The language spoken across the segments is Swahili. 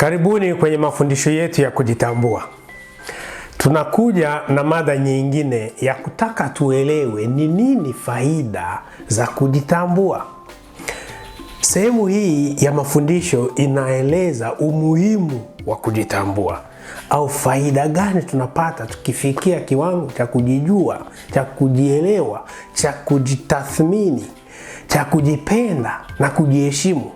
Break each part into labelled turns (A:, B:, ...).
A: Karibuni kwenye mafundisho yetu ya kujitambua. Tunakuja na mada nyingine ya kutaka tuelewe ni nini faida za kujitambua. Sehemu hii ya mafundisho inaeleza umuhimu wa kujitambua au faida gani tunapata tukifikia kiwango cha kujijua, cha kujielewa, cha kujitathmini, cha kujipenda na kujiheshimu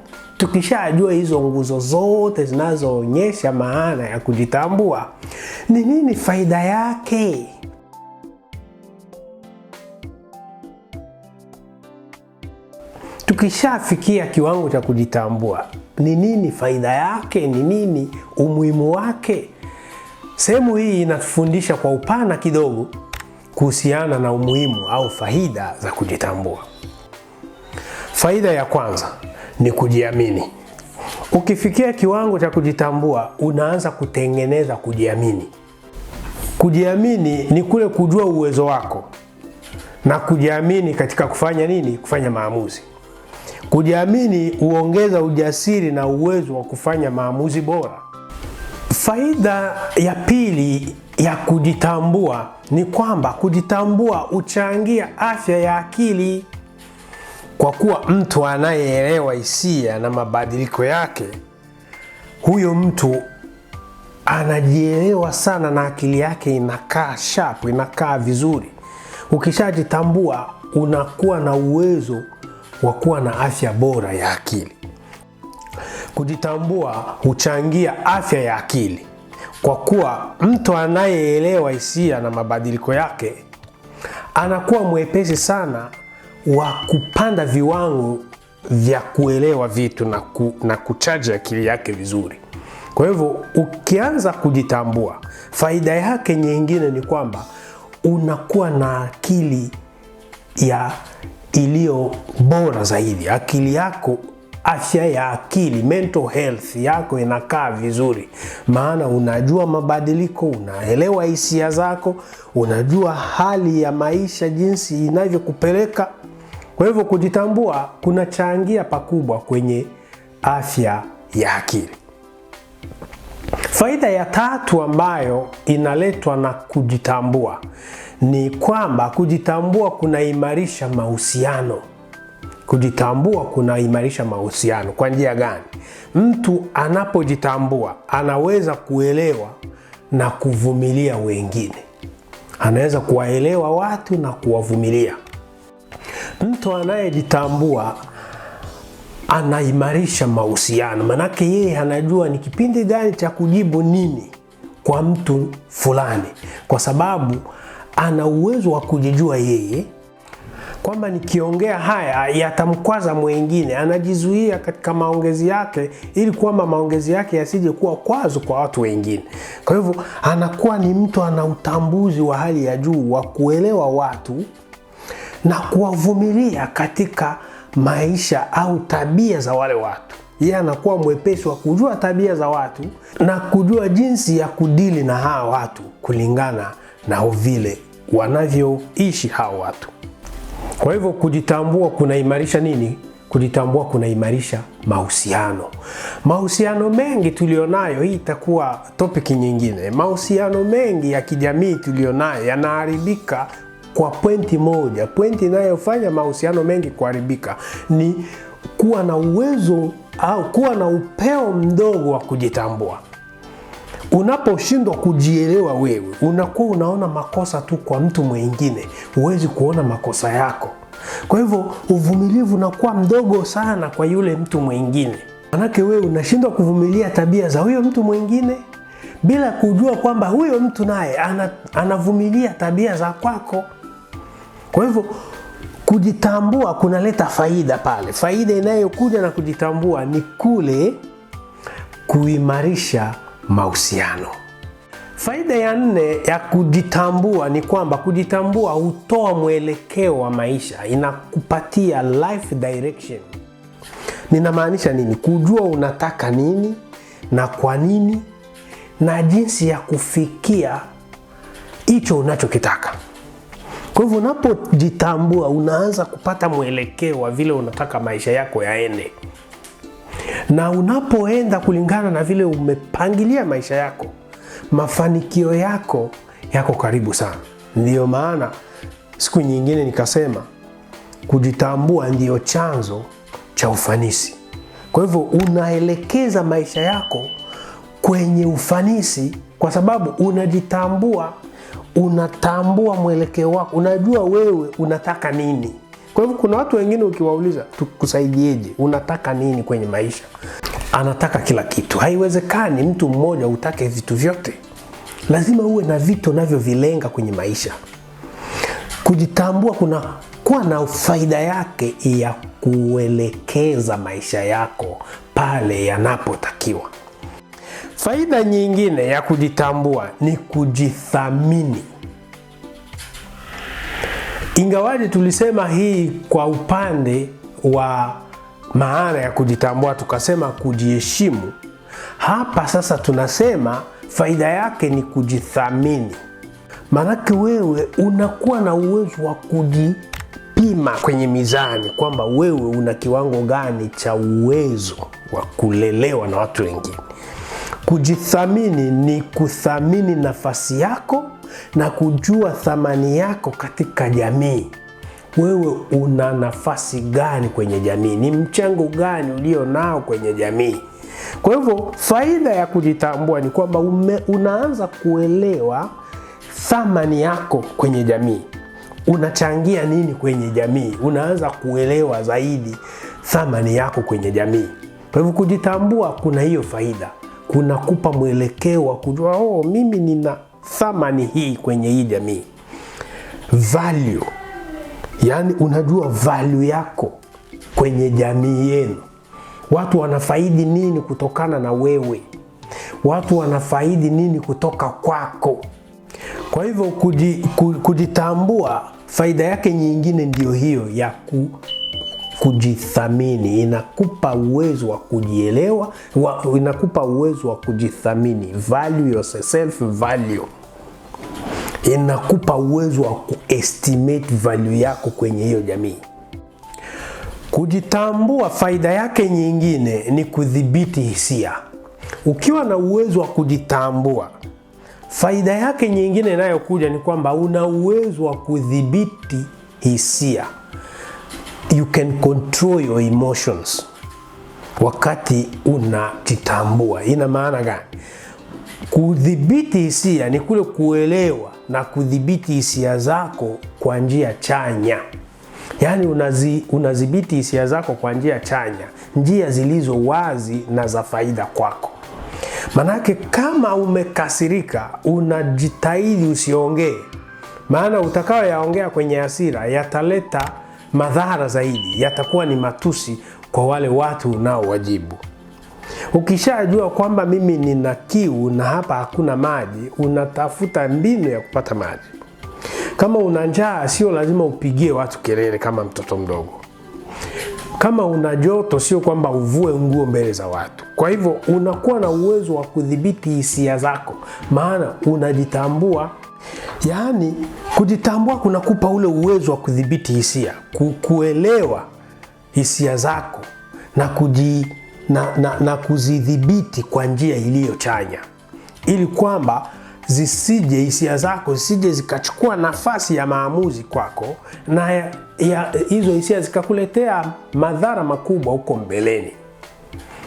A: tukishajua hizo nguzo zote zinazoonyesha maana ya kujitambua, ni nini faida yake? Tukishafikia kiwango cha kujitambua, ni nini faida yake? Ni nini umuhimu wake? Sehemu hii inatufundisha kwa upana kidogo kuhusiana na umuhimu au faida za kujitambua. Faida ya kwanza ni kujiamini. Ukifikia kiwango cha kujitambua, unaanza kutengeneza kujiamini. Kujiamini ni kule kujua uwezo wako na kujiamini katika kufanya nini? Kufanya maamuzi. Kujiamini huongeza ujasiri na uwezo wa kufanya maamuzi bora. Faida ya pili ya kujitambua ni kwamba kujitambua huchangia afya ya akili. Kwa kuwa mtu anayeelewa hisia na mabadiliko yake, huyo mtu anajielewa sana na akili yake inakaa sharp, inakaa vizuri. Ukishajitambua unakuwa na uwezo wa kuwa na afya bora ya akili. Kujitambua huchangia afya ya akili, kwa kuwa mtu anayeelewa hisia na mabadiliko yake anakuwa mwepesi sana wa kupanda viwango vya kuelewa vitu na, ku, na kuchaji akili yake vizuri. Kwa hivyo ukianza kujitambua, faida yake nyingine ni kwamba unakuwa na akili ya iliyo bora zaidi. Akili yako, afya ya akili, mental health yako inakaa vizuri, maana unajua mabadiliko, unaelewa hisia zako, unajua hali ya maisha jinsi inavyokupeleka kwa hivyo kujitambua kunachangia pakubwa kwenye afya ya akili. Faida ya tatu ambayo inaletwa na kujitambua ni kwamba kujitambua kunaimarisha mahusiano. Kujitambua kunaimarisha mahusiano kwa njia gani? Mtu anapojitambua anaweza kuelewa na kuvumilia wengine, anaweza kuwaelewa watu na kuwavumilia. Mtu anayejitambua anaimarisha mahusiano, manake yeye anajua ni kipindi gani cha kujibu nini kwa mtu fulani, kwa sababu ana uwezo wa kujijua yeye kwamba nikiongea haya yatamkwaza mwingine. Anajizuia katika maongezi yake ili kwamba maongezi yake yasije kuwa kwazo kwa watu wengine. Kwa hivyo anakuwa ni mtu ana utambuzi wa hali ya juu wa kuelewa watu na kuwavumilia katika maisha au tabia za wale watu. Yeye anakuwa mwepesi wa kujua tabia za watu na kujua jinsi ya kudili na hawa watu kulingana na vile wanavyoishi hawa watu. Kwa hivyo kujitambua kunaimarisha nini? Kujitambua kunaimarisha mahusiano. Mahusiano mengi nayo hii itakuwa topiki nyingine. Mahusiano mengi ya kijamii nayo yanaharibika kwa pointi moja, pointi inayofanya mahusiano mengi kuharibika ni kuwa na uwezo au kuwa na upeo mdogo wa kujitambua. Unaposhindwa kujielewa wewe, unakuwa unaona makosa tu kwa mtu mwingine, huwezi kuona makosa yako. Kwa hivyo uvumilivu unakuwa mdogo sana kwa yule mtu mwingine, manake wewe unashindwa kuvumilia tabia za huyo mtu mwingine bila kujua kwamba huyo mtu naye anavumilia tabia za kwako. Kwa hivyo kujitambua kunaleta faida pale. Faida inayokuja na kujitambua ni kule kuimarisha mahusiano. Faida ya nne ya kujitambua ni kwamba kujitambua hutoa mwelekeo wa maisha, inakupatia life direction. Ninamaanisha nini? Kujua unataka nini na kwa nini na jinsi ya kufikia hicho unachokitaka. Kwa hivyo unapojitambua, unaanza kupata mwelekeo wa vile unataka maisha yako yaende, na unapoenda kulingana na vile umepangilia maisha yako, mafanikio yako yako karibu sana. Ndiyo maana siku nyingine nikasema kujitambua ndiyo chanzo cha ufanisi. Kwa hivyo unaelekeza maisha yako kwenye ufanisi kwa sababu unajitambua unatambua mwelekeo wako, unajua wewe unataka nini. Kwa hivyo kuna watu wengine ukiwauliza, tukusaidieje, unataka nini kwenye maisha, anataka kila kitu. Haiwezekani mtu mmoja utake vitu vyote, lazima uwe na vitu unavyovilenga kwenye maisha. Kujitambua kuna kuwa na faida yake ya kuelekeza maisha yako pale yanapotakiwa. Faida nyingine ya kujitambua ni kujithamini. Ingawaje tulisema hii kwa upande wa maana ya kujitambua, tukasema kujiheshimu, hapa sasa tunasema faida yake ni kujithamini. Maanake wewe unakuwa na uwezo wa kujipima kwenye mizani kwamba wewe una kiwango gani cha uwezo wa kulelewa na watu wengine. Kujithamini ni kuthamini nafasi yako na kujua thamani yako katika jamii. Wewe una nafasi gani kwenye jamii? Ni mchango gani ulio nao kwenye jamii? Kwa hivyo faida ya kujitambua ni kwamba unaanza kuelewa thamani yako kwenye jamii, unachangia nini kwenye jamii. Unaanza kuelewa zaidi thamani yako kwenye jamii. Kwa hivyo kujitambua kuna hiyo faida kunakupa mwelekeo wa kujua oh, mimi nina thamani hii kwenye hii jamii, value. Yani unajua value yako kwenye jamii yenu, watu wanafaidi nini kutokana na wewe, watu wanafaidi nini kutoka kwako. Kwa hivyo kujitambua, faida yake nyingine ndiyo hiyo ya ku kujithamini, inakupa uwezo wa kujielewa wa, inakupa uwezo wa kujithamini, value yourself, value inakupa uwezo wa kuestimate value yako kwenye hiyo jamii. Kujitambua, faida yake nyingine ni kudhibiti hisia. Ukiwa na uwezo wa kujitambua, faida yake nyingine inayokuja ni kwamba una uwezo wa kudhibiti hisia you can control your emotions wakati unajitambua. Ina maana gani? Kudhibiti hisia ni kule kuelewa na kudhibiti hisia zako kwa njia chanya, yaani unazi, unadhibiti hisia zako kwa njia chanya, njia zilizo wazi na za faida kwako. Manake kama umekasirika, unajitahidi usiongee, maana utakayoyaongea kwenye hasira yataleta madhara zaidi yatakuwa ni matusi kwa wale watu unaowajibu. Ukishajua kwamba mimi nina kiu na hapa hakuna maji, unatafuta mbinu ya kupata maji. Kama una njaa, sio lazima upigie watu kelele kama mtoto mdogo. Kama una joto, sio kwamba uvue nguo mbele za watu. Kwa hivyo unakuwa na uwezo wa kudhibiti hisia zako, maana unajitambua. Yaani, kujitambua kunakupa ule uwezo wa kudhibiti hisia, kuelewa hisia zako na, kuji, na, na, na kuzidhibiti kwa njia iliyochanya ili kwamba zisije hisia zako zisije zikachukua nafasi ya maamuzi kwako na hizo hisia zikakuletea madhara makubwa huko mbeleni.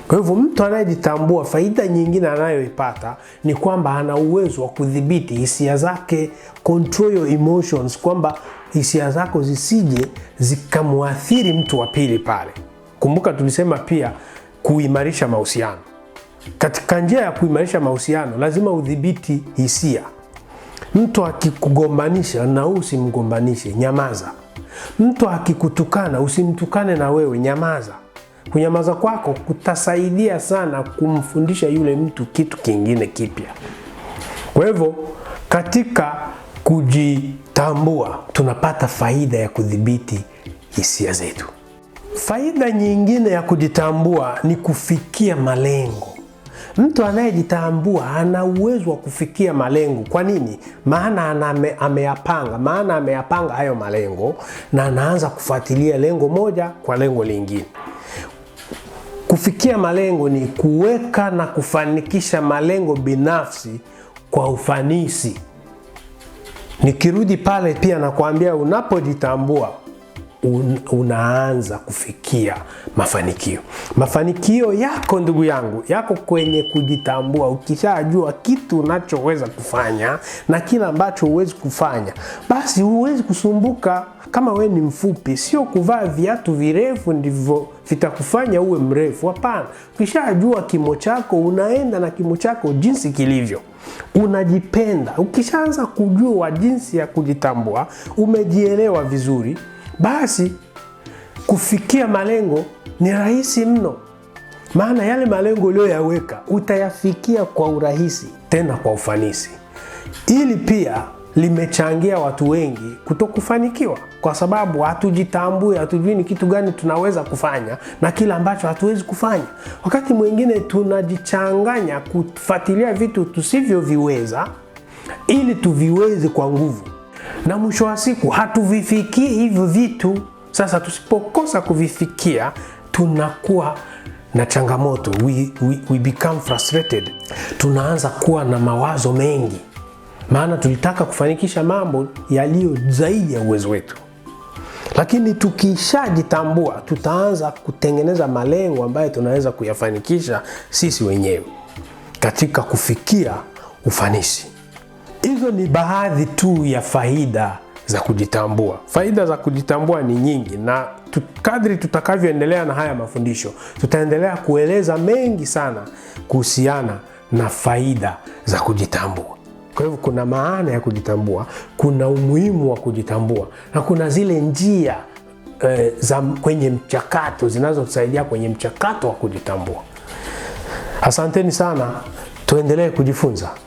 A: Kwa hivyo mtu anayejitambua, faida nyingine anayoipata ni kwamba ana uwezo wa kudhibiti hisia zake, control your emotions, kwamba hisia zako zisije zikamwathiri mtu wa pili pale. Kumbuka tulisema pia kuimarisha mahusiano. Katika njia ya kuimarisha mahusiano, lazima udhibiti hisia. Mtu akikugombanisha na usimgombanishe, nyamaza. Mtu akikutukana usimtukane na wewe, nyamaza. Kunyamaza kwako kutasaidia sana kumfundisha yule mtu kitu kingine kipya. Kwa hivyo katika kujitambua tunapata faida ya kudhibiti hisia zetu. Faida nyingine ya kujitambua ni kufikia malengo. Mtu anayejitambua ana uwezo wa kufikia malengo. Kwa nini? Maana aname, ameyapanga, maana ameyapanga hayo malengo na anaanza kufuatilia lengo moja kwa lengo lingine. Kufikia malengo ni kuweka na kufanikisha malengo binafsi kwa ufanisi. Nikirudi pale pia nakwambia, unapojitambua un, unaanza kufikia mafanikio. Mafanikio yako ndugu yangu yako kwenye kujitambua. Ukishajua kitu unachoweza kufanya na kile ambacho huwezi kufanya, basi huwezi kusumbuka kama we ni mfupi, sio kuvaa viatu virefu ndivyo vitakufanya uwe mrefu. Hapana, ukishajua kimo chako unaenda na kimo chako jinsi kilivyo, unajipenda. Ukishaanza kujua jinsi ya kujitambua, umejielewa vizuri, basi kufikia malengo ni rahisi mno, maana yale malengo uliyoyaweka utayafikia kwa urahisi, tena kwa ufanisi, ili pia limechangia watu wengi kutokufanikiwa, kwa sababu hatujitambui, hatujui ni kitu gani tunaweza kufanya na kile ambacho hatuwezi kufanya. Wakati mwingine tunajichanganya kufuatilia vitu tusivyoviweza ili tuviweze kwa nguvu, na mwisho wa siku hatuvifikii hivyo vitu. Sasa tusipokosa kuvifikia, tunakuwa na changamoto, we, we, we become frustrated, tunaanza kuwa na mawazo mengi maana tulitaka kufanikisha mambo yaliyo zaidi ya uwezo wetu. Lakini tukishajitambua, tutaanza kutengeneza malengo ambayo tunaweza kuyafanikisha sisi wenyewe katika kufikia ufanisi. Hizo ni baadhi tu ya faida za kujitambua. Faida za kujitambua ni nyingi, na kadri tutakavyoendelea na haya mafundisho, tutaendelea kueleza mengi sana kuhusiana na faida za kujitambua. Kwa hivyo kuna maana ya kujitambua, kuna umuhimu wa kujitambua na kuna zile njia e, za kwenye mchakato zinazotusaidia kwenye mchakato wa kujitambua. Asanteni sana, tuendelee kujifunza.